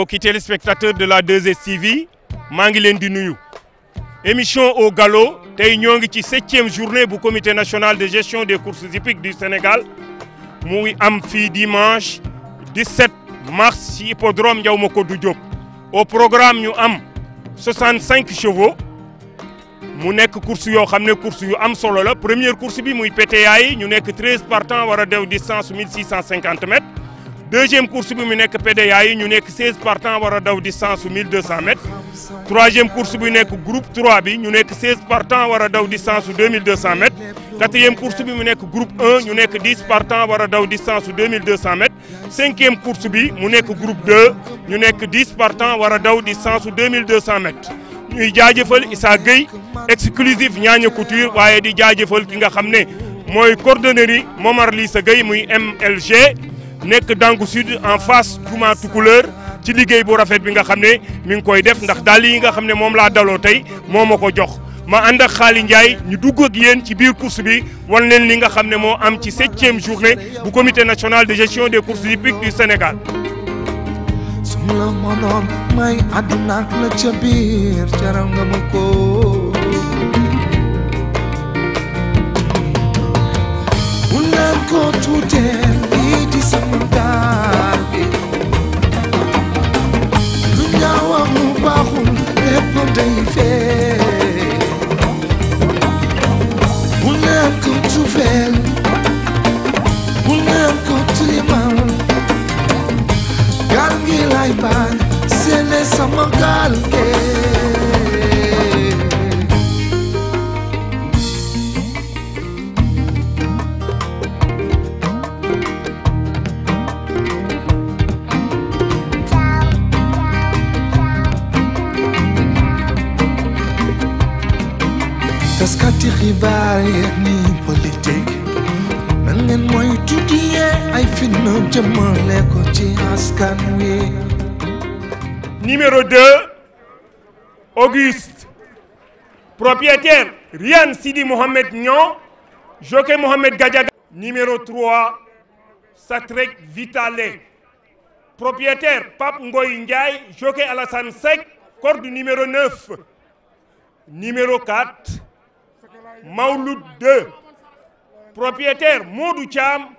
mbokki spectateur de la 2STV maa ngi leen di nuyu émission au gallo tey ñoo ngi ci septième journée bu comité national de gestion des courses hippiques du Sénégal muy am fii dimanche 17 mars ci hippodrome Ndiaw Macodou Diop au programme ñu am 65 chevaux mu nekk course yoo xam ne course yu am solo la première course bi muy PTA yi ñu nekk 13 partants war a dew distance 1650 mètres deuxième course bi mu nekk PDA ñu nekk 16 partants war a daw distance su 1200 mètres troisième course bi nekk groupe 3 bi ñu nekk 16 partants war a daw distance su 2200 mètres quatrième course bi mu nekk groupe ñu nekk 10 partants war a daw distance su 2200 mètres cinquième course bi mu nekk group 2 ñu nekk 10 partants war a daw distance su 2200 mètres ñuy jaajëfal Issa Gueye exclusif Niania Couture waaye di jaajëfal ki nga xam ne mooy coordonnerie Momar sa gay muy MLG nekk Dangu Sud en face Juma Tukuleur ci liggéey bu rafet bi nga xam ne mi ngi koy def ndax dàll yi nga xam ne moom laa daloo tey moo ma ko jox. ma ànd ak Ndiaye ñu dugg ak yéen ci biir course bi wan leen li nga xam ne moo am ci septième journée bu comité national de gestion des courses hippiques du Sénégal. terroriste. Propriétaire Rian Sidi Mohamed Nyon, jockey Mohamed Gadiaga. Numéro 3, Satrek Vitale. Propriétaire Pape Ngoy Ndiaye, jockey Alassane Sek, corde numéro Numéro 4, Maouloud Propriétaire Modou Cham,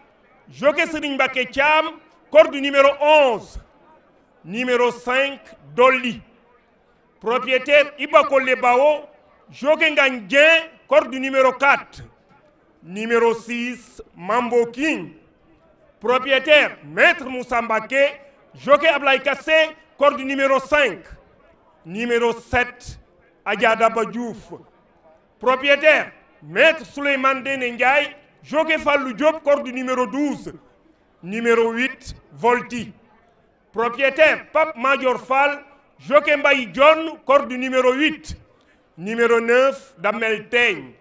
jockey Serigne Baké Cham, corde numéro Numéro Dolly. propriétaire Ibakolle Bao Jogengan Dien corde numéro 4 numéro 6 Mambo King propriétaire maître Moussa Mbaké jockey Ablaye Kassé numéro 5 numéro 7 Adja Daba Diouf propriétaire maître Souleymane Dene Ndiaye jockey Fallou Diop numéro 12 numéro 8 Volti propriétaire Pape Major Fall Joké Mbaye John corde numéro 8 numéro 9 Damel Teigne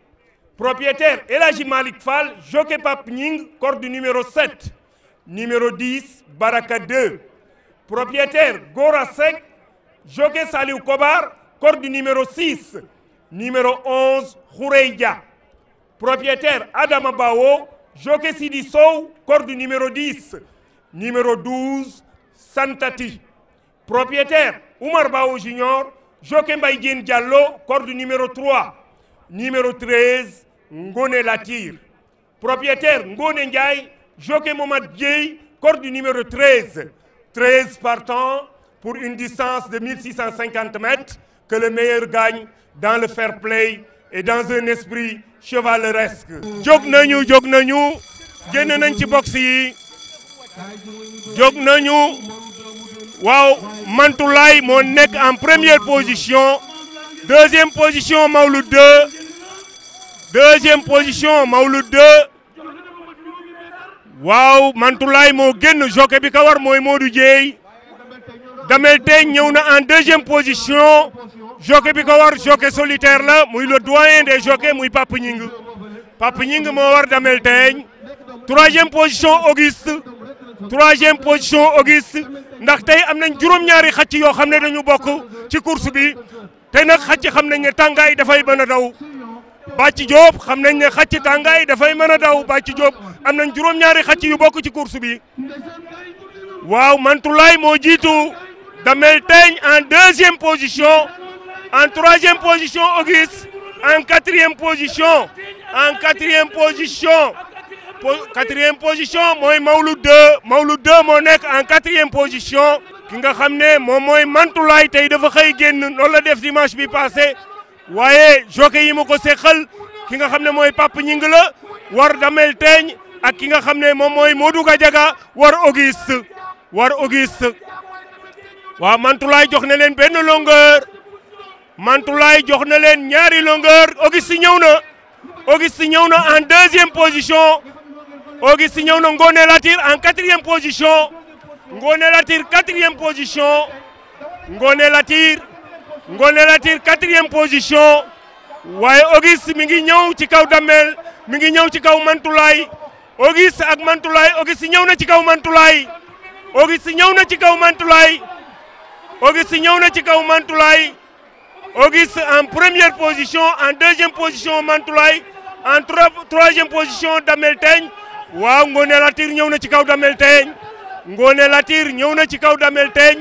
propriétaire El Hadji Malick Fall jockey Pape numéro 7 numéro 10 Baraka 2 propriétaire Gora Seck jockey Saliou Kobar corde numéro 6 numéro 11 Khoureya propriétaire Adama Bawo jockey Sidi Sow corde numéro 10 numéro Santati propriétaire Oumar Bao Junior Joké Mbaye Diène Diallo corde numéro 3 numéro 13 Ngoné Latir propriétaire Ngoné Ndiaye Joké Momad Dieye corde numéro 13 13 partants pour une distance de 1650 mètres que le meilleur gagne dans le fair play et dans un esprit chevaleresque jóg nañu jóg nañu génn nañ ci box yi waaw Mantoulaye moo nekk en première position deuxième position Maoulou 2 deuxième position Maoulou 2 waaw Mantoulaye moo génn jockey bi kawar mooy Modou Dieye Damel Teigne ñëw na en deuxième position jockey bi ko war jockey solitaire la muy le doyen des jockeys muy Pape Nying Pape Nying moo war Damel Teigne troisième position Auguste troisième position Auguste ndax tey am nañ juróom-ñaari xacc yoo xam ne dañu bokk ci course bi tey na xacc xam nañ ne tàngaay dafay mën a daw Bàcc Diop xam nañ ne xacc tàngaay dafay mën a daw Bàcc Diop am nañ juróom-ñaari xacc yu bokk ci course bi waaw Mantoulaye moo jiitu Damel Teeñ en deuxième position en troisième position Auguste en quatrième position en quatrième position quatrième position mooy Mawlud 2 Mawlud 2 moo nekk en quatrième position ki nga xam ne moom mooy Mantulaay tey dafa xëy génn loolu la def dimanche bi passé waaye jockey yi ma ko seqal ki nga xam ne mooy Pape Ñing la war Damel Teeñ ak ki nga xam ne moom mooy Modou Gadiaga war Auguste war Auguste waaw Mantulaay jox na leen benn longueur Mantulaay jox na leen ñaari longueur Auguste ñëw na Auguste ñëw na en deuxième position Augustin ñëw na Ngoné Latir en quatrième position Ngoné Latir quatrième position Ngoné Latir Ngoné Latir quatrième position waaye Augustin mi ngi ñëw ci kaw Damel mi ngi ñëw ci kaw Mantulaay Augustin ak Mantulaay Augustin ñëw na ci kaw Mantulaay Augustin ñëw na ci kaw Mantulaay Augustin ñëw na ci kaw Mantulaay Augustin en première position en deuxième position Mantulaay en troisième position Damel Teñ waaw Ngoné Latyr ñëw na ci kaw Damel Teeñ Ngoné Latyr ñëw na ci kaw Damel Teeñ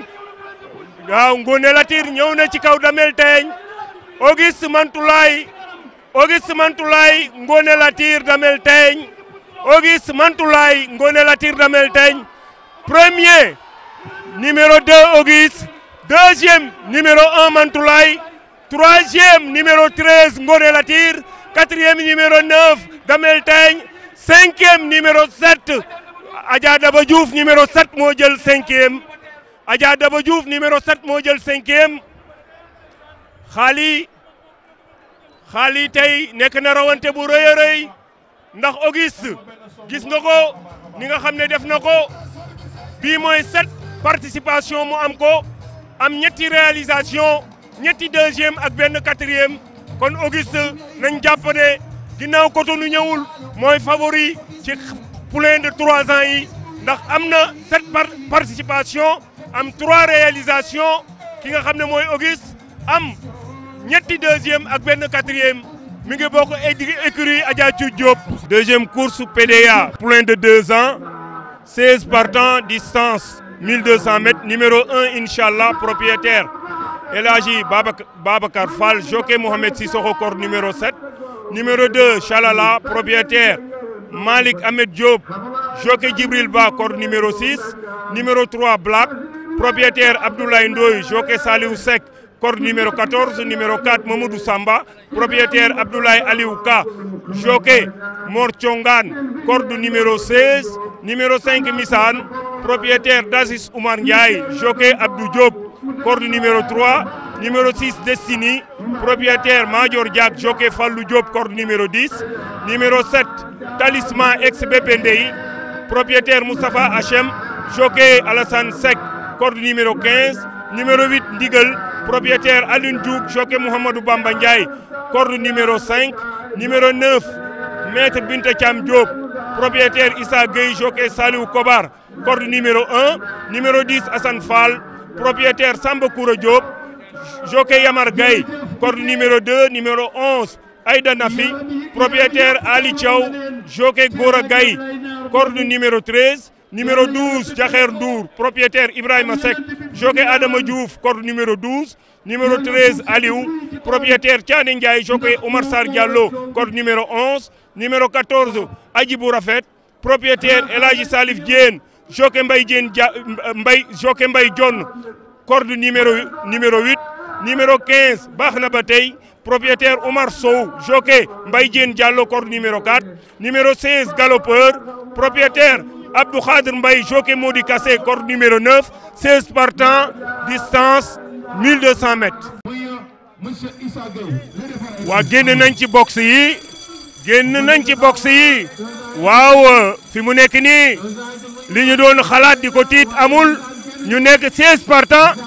waaw Ngoné Latyr ñëw na ci kaw Damel Teeñ Auguste Mantulaay Auguste Mantulaay Ngoné Latyr Damel Teeñ Auguste Mantulaay Ngoné Latyr Damel Teeñ premier numéro 2 Auguste deuxième numéro 1 Mantulaay troisième numéro 13 Ngoné Latyr quatrième numéro 9 Damel Teeñ cinquième numéro 7 Adja Daba numéro 7 moo jël cinquième Adja Daba numéro 7 moo jël cinquième xaali xaali tey nekk na rawante bu rëy rëy ndax Auguste gis nga ko ni nga xam ne def na ko bii mooy sept participation mu am ko am ñetti réalisation ñetti deuxième ak benn quatrième kon Auguste nañ jàpp ginnaaw Cotonou ñëwul mooy favori ci poulain de trois ans yi ndax am na sept participation am trois réalisations ki nga xam ne mooy Auguste am ñetti deuxième ak benn quatrième mi ngi bokk écurie Adja Thiou Diop. deuxième course PDA. poulain de deux ans seize partants distance mille deux cent mètres numéro un incha allah propriétaire El Hadji Babacar Fall jockey Mohamed Sissoko corde numéro sept. numéro 2 Chalala propriétaire Malik Ahmed Diop jockey Djibril Ba corde numéro 6 numéro 3 Black propriétaire Abdoulaye Ndoye jockey Saliou Seck corde numéro numéro 4 Samba propriétaire Abdoulaye Aliou Ka jockey Mor Thiongane corde numéro numéro 5 Missane Dasis Oumar Ndiaye jockey Abdou Diop corde numéro numéro 6 Destiny propriétaire Major Diak jockey Fallou Diop corde numéro 10 numéro 7 Talisman ex BP Ndeye propriétaire Moustapha Hachem jockey Alassane Seck corde numéro 15 numéro 8 Ndigal propriétaire Alioune Diouk jockey Bamba Ndiaye corde numéro 5 numéro 9 maître Binta Thiam Diop propriétaire Issa Gueye Kobar corde numéro numéro 10 Assane Fall propriétaire Samba Jockey Yamar Gaye corde numéro 2 numéro 11 Aïda Nafi propriétaire Ali Thiaw Jockey Gora Gaye corde numéro 13 numéro 12 Diakher Ndour propriétaire Ibrahima Seck Jockey Adama Diouf corde numéro 12 numéro 13 Aliou propriétaire Thiané Ndiaye Jockey Oumar Sarr Diallo numéro 11 numéro 14 Adjibou Rafet propriétaire El Salif Diène Jockey Mbaye Diène Mbaye Jockey Mbaye Dione numéro numéro numéro 15 baax na ba tey propriétaire Omar Sow jockey Mbaye Diène Diallo corde numéro 4 numéro 16 galopeur propriétaire Abdou Khadr Mbaye jockey Modi Kassé corde numéro 9 16 partants distance 1200 mètres waa génn nañ ci box yi génn nañ ci box yi waaw fi mu nekk nii li ñu doon xalaat di ko tiit amul ñu nekk 16 partants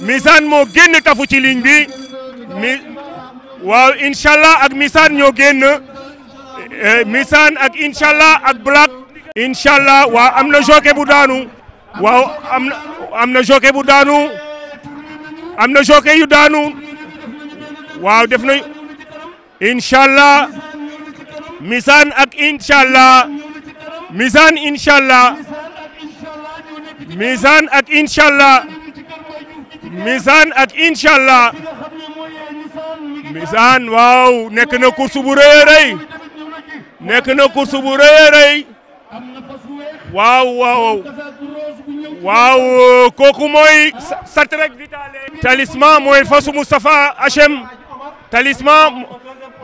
Misaan moo génn tafu ci ligne bi waaw incha allah ak Misaan yoo génn eh, Misaan ak incha allah ak Black. incha allah waaw am na jockey bu daanu waaw am na am bu daanu am na jockey yu daanu waaw def na incha allah Misaan ak incha allah Misaan incha allah Misaan ak incha allah Misaan ak incha allah Misaan waaw nekk na course bu rëy a rëy nekk na course bu rëy a rëy waaw waaw waaw kooku moy satrek vitale talisman mooy fasu Moustapha HM talisman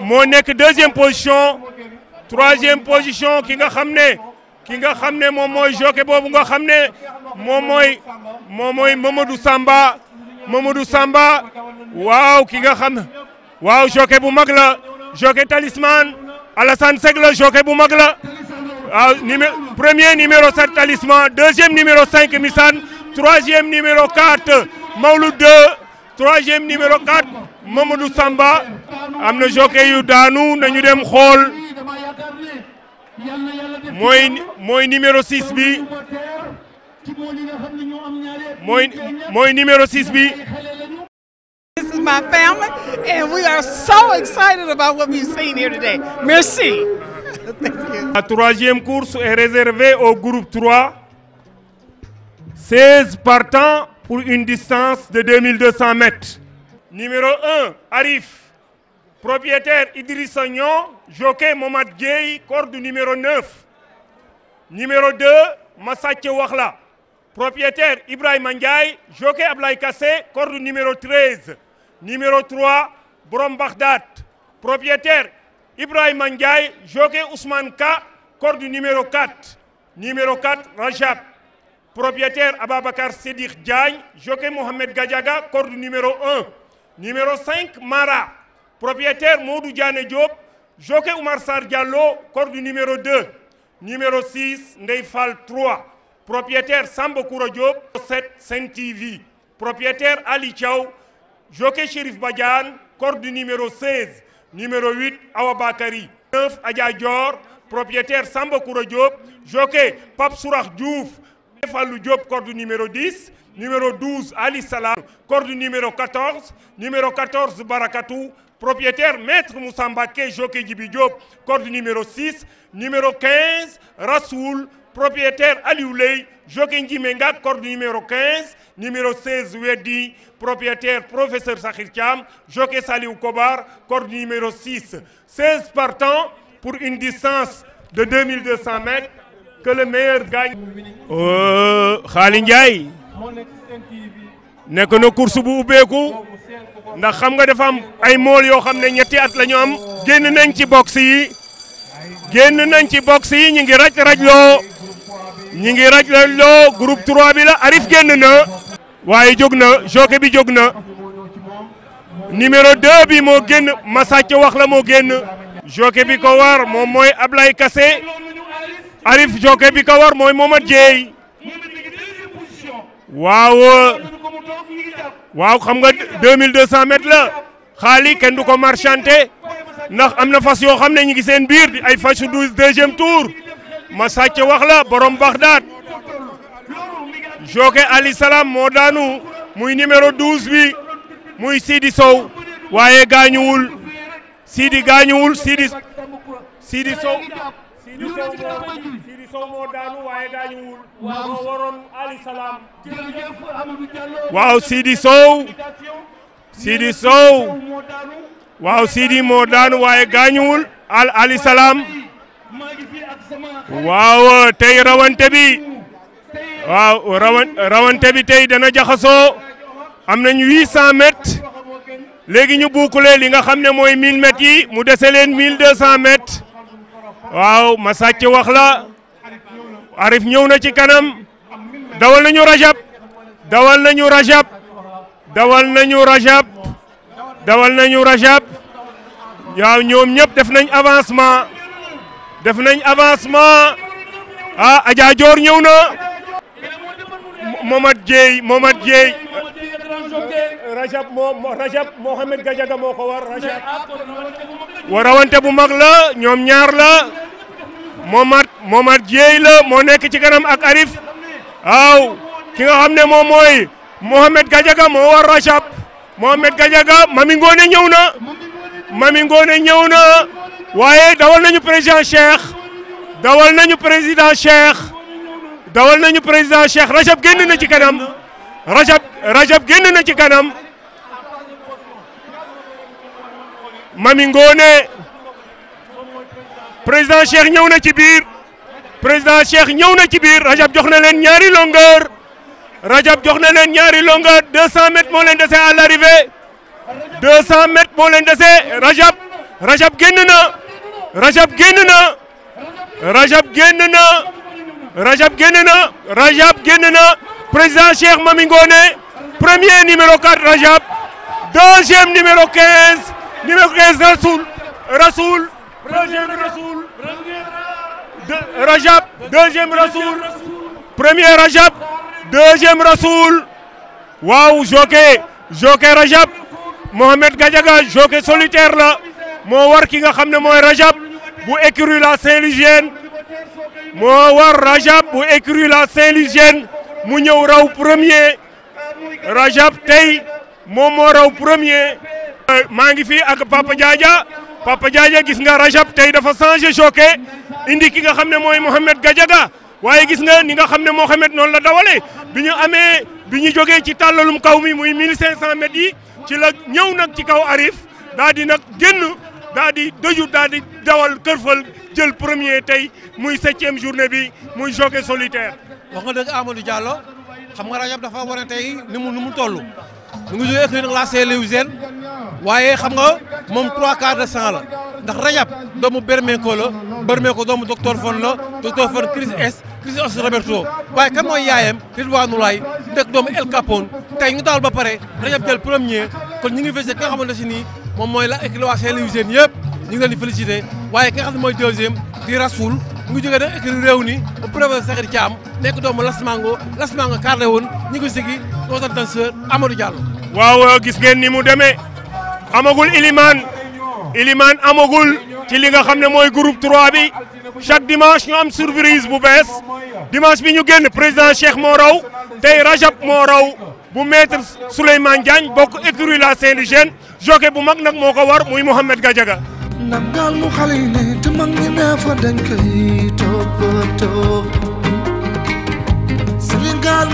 moo nekk deuxième position troisième position ki nga xam ne ki nga xam ne moom mooy jockey boobu nga xam ne moom mooy moom mooy Mamadou Samba Mamadou Samba waaw ki nga xam waaw jockey bu mag la jockey talisman Alassane Seck la jockey bu mag la waaw numé premier numéro 7 talisman deuxième numéro 5 Missane troisième numéro 4 Mawlud 2 troisième numéro 4 Mamadou Samba am na jockey yu daanu nañu dem xool mooy mooy numéro bi mooy mooy numéro 6 bi. This is my family and we are so Merci. La troisième course est réservée au groupe 3. 16 partants pour une distance de 2200 mètres. Numéro 1, Arif. Propriétaire Idriss Agnon, jockey Momad Gueye, corde numéro 9. Numéro 2, Massache Wakhla. propriétaire Ibrahima Ndiaye jockey Ablaye Kassé corde numéro 13 numéro 3 Borom Bagdad propriétaire Ibrahima Ndiaye jockey Ousmane Ka corde numéro 4 numéro 4 Rajab propriétaire Ababacar Sédikh Diagne jockey Mohamed Gadiaga corde numéro 1 numéro 5 Mara propriétaire Modou Diané Diop jockey Oumar Sarr Diallo corde numéro numéro 6 Ndeye Fall 3 propriétaire Samba Koura Diop 7 5 TV propriétaire Ali Thiaw jockey Chérif Badiane corde du numéro 16 numéro 8 Awa Bakari 9 Adja Dior propriétaire Samba Koura Diop jockey Pape Sourax Diouf Fallou Diop numéro 10 numéro 12 Ali Salam corde numéro 14 numéro 14 Barakatou propriétaire maître Moussa Mbacké jockey Djibi Diop corde numéro numéro 15 propriétaire Aliou Ley jockey Njime Ngak corde numéro 15 numéro 16 Weddi propriétaire professeur Sakhir Thiam jockey Saliou Kobar corde numéro 6 par partants pour une distance de 2200 mètres que le meilleur gagne. Xaali euh, Ndiaye nekk na course bu ubbeeku ndax xam nga dafa ay mool yoo xam ne ñetti at la ñu am génn nañ ci box yi génn nañ ci box yi ñu ngi raj rajloo ñi ngi raj loo groupe 3 bi la Arif génn na waaye jóg na joke bi jog na numéro 2 bi moo génn Massathie wax la moo génn jockey bi ko war moom mooy Ablaye Kassé Arif jockey bi ko war mooy Momad Dieye waaw waaw xam nga 2200 la xaali kenn du ko marchanté ndax am na fas yoo xam ne ñu ngi seen biir bi ay fasu deuxième tour ma sàcc wax la borom Baxdaad joke Ali Salam moo daanu muy numéro 12 bi muy Sidi Sow waaye gaañuwul Sidi gaañuwul Sidi Sow waaw Sidi moo daanu waaye gaañuwul al Ali waaw tey rawante bi waaw rawante bi tey dana jaxasoo am nañ 800 mètres léegi ñu buukulee li nga xam ne mooy 1000 mètres yi mu dese leen 1200 mètres waaw ma sàcc wax la Arif ñëw na ci kanam dawal nañu rajab dawal nañu rajab dawal nañu rajab dawal nañu rajab waaw ñoom ñëpp def nañ avancement. def nañ avancement ah Adja Dior ñëw na Momad Dieye Momad Dieye Rajab moo Rajab Mohamed moo ko war Rajab wa bu mag la ñoom ñaar la Momad Momad Dieye la moo nekk ci kanam ak Arif waaw ki nga xam ne moom mooy Mohamed Gadiaga moo war Rajab Mohamed Gadiaga Mami Ngone ñëw na Mami Ngone ñëw na waaye dawal nañu président Cheikh dawal nañu président Cheikh nañu président Cheikh Rajab génn na ci kanam Rajab Rajab génn na ci kanam Mami Ngoone président Cheikh ñëw na ci biir président Cheikh ñëw na ci biir Rajab jox na leen ñaari longueur Rajab jox na leen ñaari longueur 200 mètres moo leen dese à l'arrivée 200 mètres moo leen dese Rajab Rajab génn na. Rajab génn na Rajab génn na Rajab génn na Rajab génn na président Cheikh Mami Ngoné premier numéro 4 Rajab deuxième numéro 15 numéro 15 Rajab deuxième Rasoul premier Rajab deuxième Rasoul waaw jockey jockey Rajab Mohamed Gadiaga jockey solitaire la moo war ki xam ne mooy Rajab bu écurie la Saint-Louisienne moo war Rajab bu écurie la Saint-Louisienne mu ñëw raw premier Rajab tey moom moo raw premier. maa ngi fii ak Papa Diadia Papa Diadia gis nga Rajab tey dafa changé choqué indi ki nga xam ne mooy Mohamed Gadiaga waaye gis nga ni nga xam ne Mohamed noonu la dawale bi ñu amee bi ñu jógee ci tàllalum kaw mi muy cent mètres yi ci la ñëw nag ci kaw Arif daal di nag génn. daa di deux jours daa di dawal kërfal jël premier tey muy septième journée bi muy jockey solitaire. wax nga dëgg Amadou Diallo xam nga Rajab dafa wane tey ni mu ni mu toll mu ngi jógee écurie nag la Saint-Louisienne waaye xam nga moom trois quarts de la ndax Rajab doomu Bermeko la Bermeko doomu docteur Fon la docteur Fon Chris S Chris S Roberto waaye kan mooy yaayam Ridwaanu Laay nekk doomu El Capone tey ñu daal ba pare Rajab jël premier kon ñu ngi versé ki nga xamante si nii. moom mooy la écurie waa Saint-Louis seen yëpp ñu ngi leen di félicité waaye ki nga xam ne mooy deuxième di Rasoul mu ngi jógee da écurie réew ni ba préfet Sakhir Thiam nekk doomu Las Mango Las Mango carré woon ñu ngi sigi consultant seur Amadou Diallo waaw gis ngeen ni mu demee amagul Ilimane Ilimane amagul ci li nga xam ne mooy groupe 3 bi chaque dimanche ñu am surprise bu bees dimanche bi ñu génn président Cheikh moo raw tey Rajab moo raw bu maître Souleymane Diagne bokk écurie la Saint-Ligène jockey bu mag nag moo ko war muy Mouhamed Gadiaga nam daal mu xale yi ne te mag ñi ne fa dañ koy toppatoo Sénégal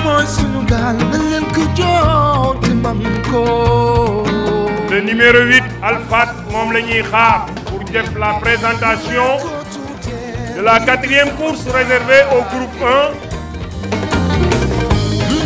le numéro 8 Alfat moom la ñuy xaar pour def la présentation de la quatrième course réservée au groupe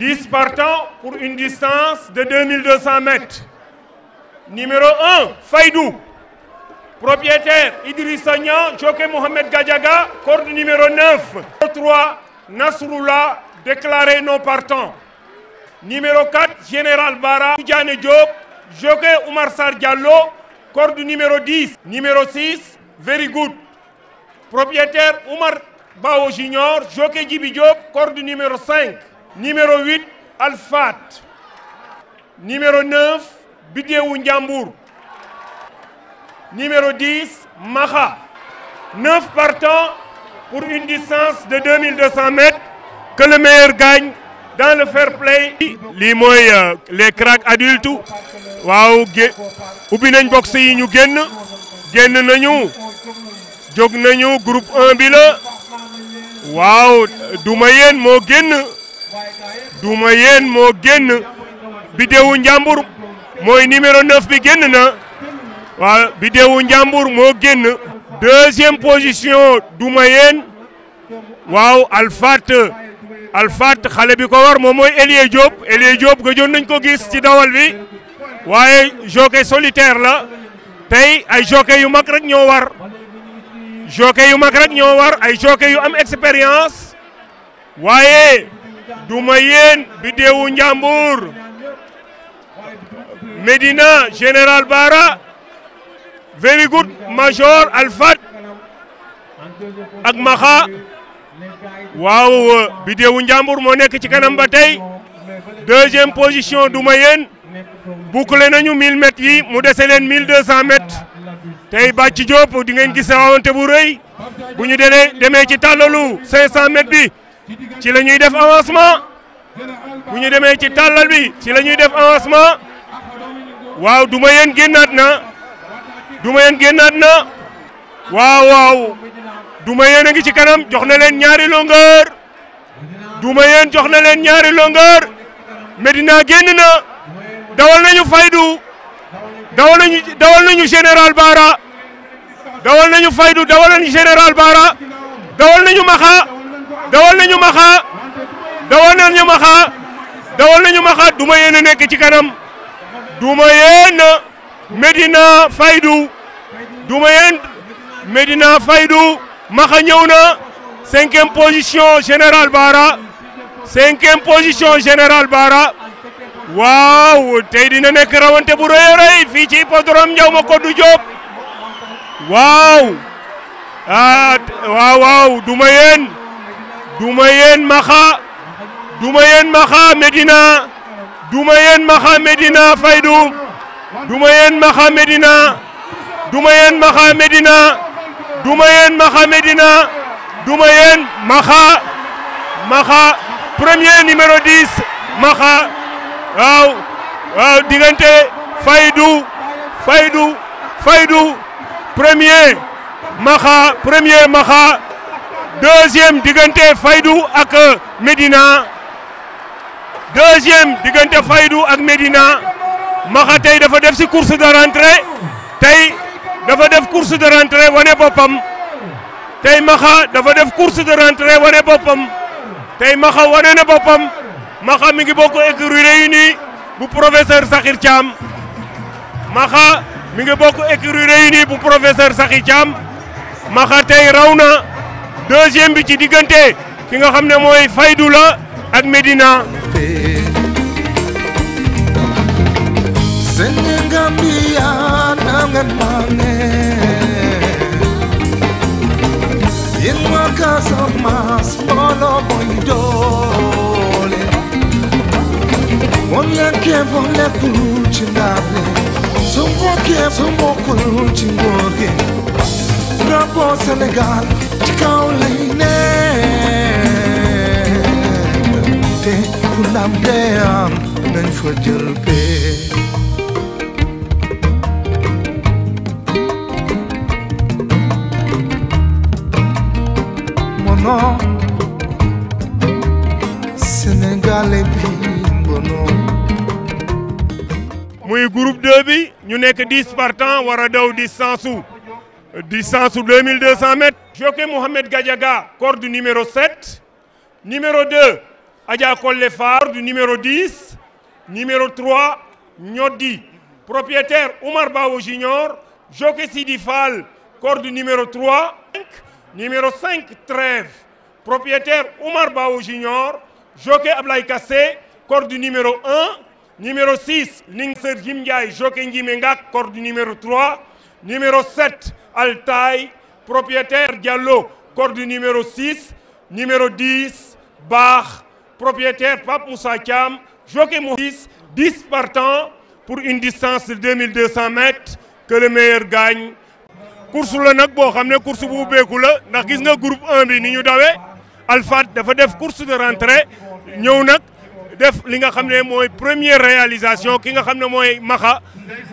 10 partants pour une distance de 2200 mètres. Numéro 1, Faïdou. Propriétaire Idriss Agnan, Joké Mohamed Gadjaga, corde numéro Numéro Nasrullah, déclaré non partant. Numéro 4, Général Bara, Diane Diop, Joké Oumar Sar Diallo, corde numéro Numéro 6, Propriétaire Oumar Bao Junior, Joké Djibi Diop, corde numéro numéro 8 Alfat numéro 9 Bidéewu Njàmbur numéro 10 Maxa 9 pour une distance de mètres que gagne dans le fair play lii mooy euh, les cracks adultes waaw gé ubbi nañ box yi ñu génn génn nañu jóg nañu groupe 1 waaw duma yéen moo génn duma yéen moo génn biddewu njàmbur mooy numéro 9 bi génn na waaw biddewu njàmbur moo génn deuxième position duma yéen waaw alfat alfat xale bi ko war moom mooy Elie Diop Elie Diop gëjoon nañ ko gis ci dawal bi waaye jockey solitaire la tey ay jockey yu mag rek ñoo war jockey yu mag rek ñoo war ay jockey yu am expérience waaye du ma yéen biddeewu Njàmbur général Bara very good major Alfat ak Maxa waaw biddeewu Njàmbur moo nekk ci kanam ba tey deuxième position duma ma yéen boucler nañu 1000 mètres yi mu dese leen 1200 mètres tey Bathie Diop di ngeen gis rawante bu rëy bu ñu demee ci tàllalu 500 mètres bi. ci lañuy def avancement bu ñu demee ci tàllal bi ci la ñuy def avancement waaw duma yéen génnaat na duma yéen génnaat na waaw waaw duma yéen a ngi ci kanam jox na leen ñaari longueur duma yéen jox na leen ñaari longueur Medina génn na dawal nañu faydu dawal nañu dawal nañu général Bara dawal nañu faydu dawal nañu général Bara dawal nañu maxa dawal nañu maxa dawal nañu maxa dawal nañu duma yéen nekk ci kanam duma yéen Medina Faydu duma yéen Medina Faydu maxa ñëw na cinquième position général Bara cinquième position général Bara waaw tey dina nekk rawante bu rëy fii ci hippodrome Ndiaw Macodou Diop waaw ah waaw duma yéen duma yéen maxa duma yéen maxa Medina duma yéen maxa Medina Faydu duma yéen maxa Medina duma yéen maxa Medina duma yéen maxa Medina premier numéro 10 maxa waaw waaw Faydu Faydu Faydu premier maxa premier maxa deuxième diggante Faidou ak euh, Médina deuxième diggante Faidou ak Médina maxa tey dafa def si course de rentrée tey dafa def course de rentrée wane boppam tey maxa dafa def course de rentrée wane boppam tey maxa wane na boppam maxa mi ngi bokk écurie réunie bu professeur Sakhir Thiam maxa mi ngi bokk écurie réunie bu professeur Sakhir caam maxa tey raw na deuxième bi ci diggante ki nga xam ne mooy faydu la ak Medina. Sénégal kaw lay ne te fu ndam te am nañ fa jël mono sénégalais bi mbono muy groupe 2 ñu nekk 10 partants war a daw 10 sans sous 10 sans Joké Mohamed Gadiaga, corps du numéro 7. Numéro 2, Adja Kollefar du numéro 10. Numéro 3, Nyodi, propriétaire Omar Bao Junior. Joké Sidifal, corps du numéro 3. Numéro 5, Trève, propriétaire Omar Bao Junior. Joké Ablaï Kassé, corps du numéro 1. Numéro 6, Ningser Jimdiaï, Joké Ngimengak, corps du numéro 3. Numéro 7, Altaï, propriétaire Diallo corde numéro 6 numéro 10 Baax propriétaire Pape Moussa Thiam jockey mo 10 10 partants pour une distance de 2200 mètres que le meilleur gagne course la nag boo xam ne course bu ubbeeku la ndax gis nga group 1 bi ni ñu dawee Alphate dafa def course de rentrée ñëw nag def li nga xam ne mooy première réalisation ki nga xam ne mooy makha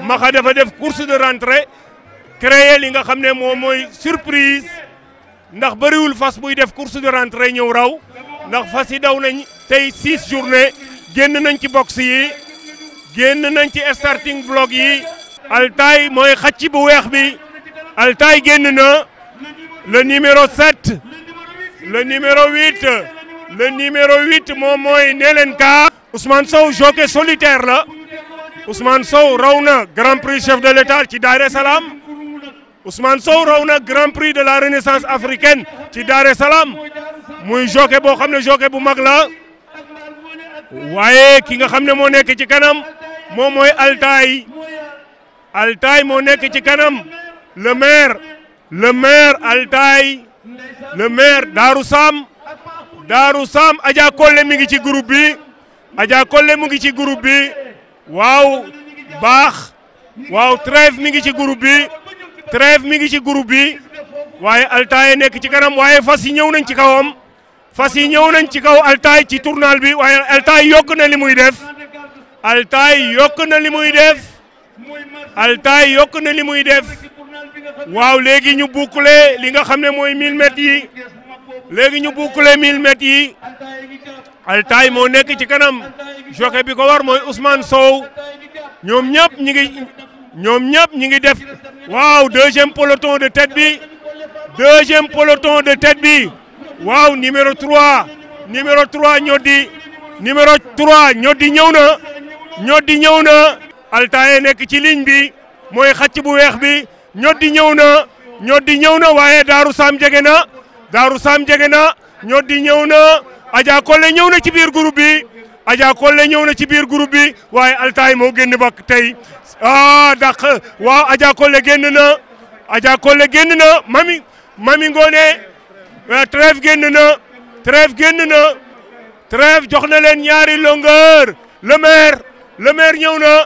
Maxa dafa def course de rentrée créer yi nga xam ne moom mooy surprise ndax bëriwul fas buy def course de rentrée ñëw raw ndax fas yi daw nañ tey six journée génn nañ ci box yi génn nañ ci starting block yi altaay mooy xacc bu weex bi altaay génn na le numéro 7 le numéro 8 le numéro 8 moom mooy Nelenka Ousmane Sow jockey solitaire la Ousmane Sow raw na grand prix chef de l'état ci Daaru Salaam Ousmane Sow raw na grand prix de la renaissance africaine ci daar es Salaam muy jockey boo xam ne jockey bu mag la waaye kii nga xam ne moo nekk ci kanam moom mooy Altaay Altaay moo nekk ci kanam le maire le maire Altaay le maire Darou Sam Darou Sam Adja Kolle mi ngi ci groupe bi Adja Kolle mu ngi ci groupe bi waaw baax waaw trève mi ngi ci groupe bi. Trève mi ngi ci groupe bi waaye Altaye nekk ci kanam waaye fas yi ñëw nañ ci kawam fas yi ñëw nañ ci kaw Altaye ci tournal bi waaye Altaye yokk na li muy def Altaye yokk na li muy def Altaye yokk na li muy def waaw léegi ñu boucler li nga xam ne mooy 1000 mètres yi léegi ñu boucler 1000 mètres yi Altaye moo nekk ci kanam jockey bi ko war mooy Ousmane Sow ñoom ñëpp ñi ngi. ñoom ñëpp ñi ngi def waaw deuxième peloton de tête bi deuxième peloton de tête bi waaw numéro 3 numéro 3 ñoo di numéro 3 ñoo di ñëw na ñoo di ñëw na altaye nekk ci ligne bi mooy xacc bu weex bi ñoo di ñëw na ñoo di ñëw na waaye daaru saam jege na daaru saam jege na ñoo di ñëw na Adja Kole ñëw na ci biir groupe bi Adja Collé ñëw na ci biir groupe bi waaye Altaay moo génn ba tey ah dàq waaw Adja Collé génn na Adja Collé génn na mami mami Ngoné eh, trève génn na trève génn na trève jox na ñaari longueur le maire le maire ñëw na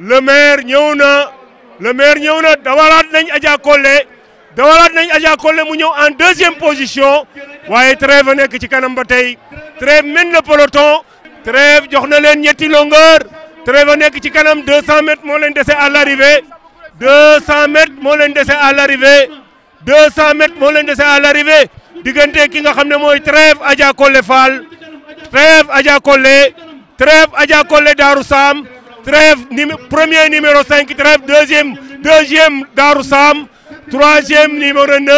le maire ñëw na le maire ñëw na dawalaat nañ Adja Collé dawalaat nañ Adja Collé mu ñëw en deuxième position waaye trève a nekk ci kanam ba tey trève mène le peloton Trève jox na leen ñetti longueur Trève a nekk ci kanam 200 mètres moo leen dese à l'arrivée 200 mètres moo à l'arrivée 200 mètres moo leen dese à l'arrivée diggante ki nga xam ne mooy Trève Adja Collé Fall Trève Adja Collé Trève Adja Collé Darou Sam Trève premier numéro 5 Trève deuxième deuxième Darou Sam troisième numéro 9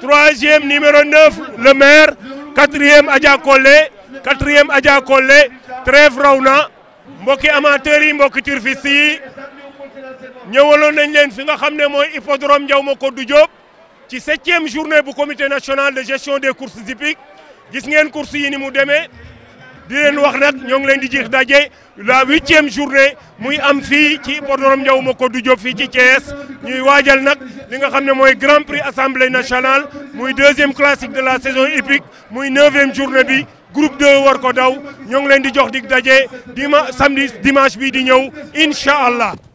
troisième numéro 9 le maire quatrième Adja Collé quatrième Adja Collé trêve raw na mbokki amateurs yi mbokki turfiste yi ñëwaloon nañ leen fi nga xam ne mooy hippodrome Ndiaw Macodou Diop ci septième journée bu comité national de gestion des courses hippiques gis ngeen course yi ni mu demee di leen wax nag ñoo ngi leen di jiix daje la huitième journée muy am fii ci hippodrome Ndiaw Macodou Diop fii ci Thiès ñuy waajal nag li nga xam ne mooy grand prix assemblée nationale muy deuxième classique de la saison hippique muy neuvième journée bi groupe 2 war ko daw ñoo ngi leen di jox dig daje dima samedi dimanche bi di ñëw incha allah.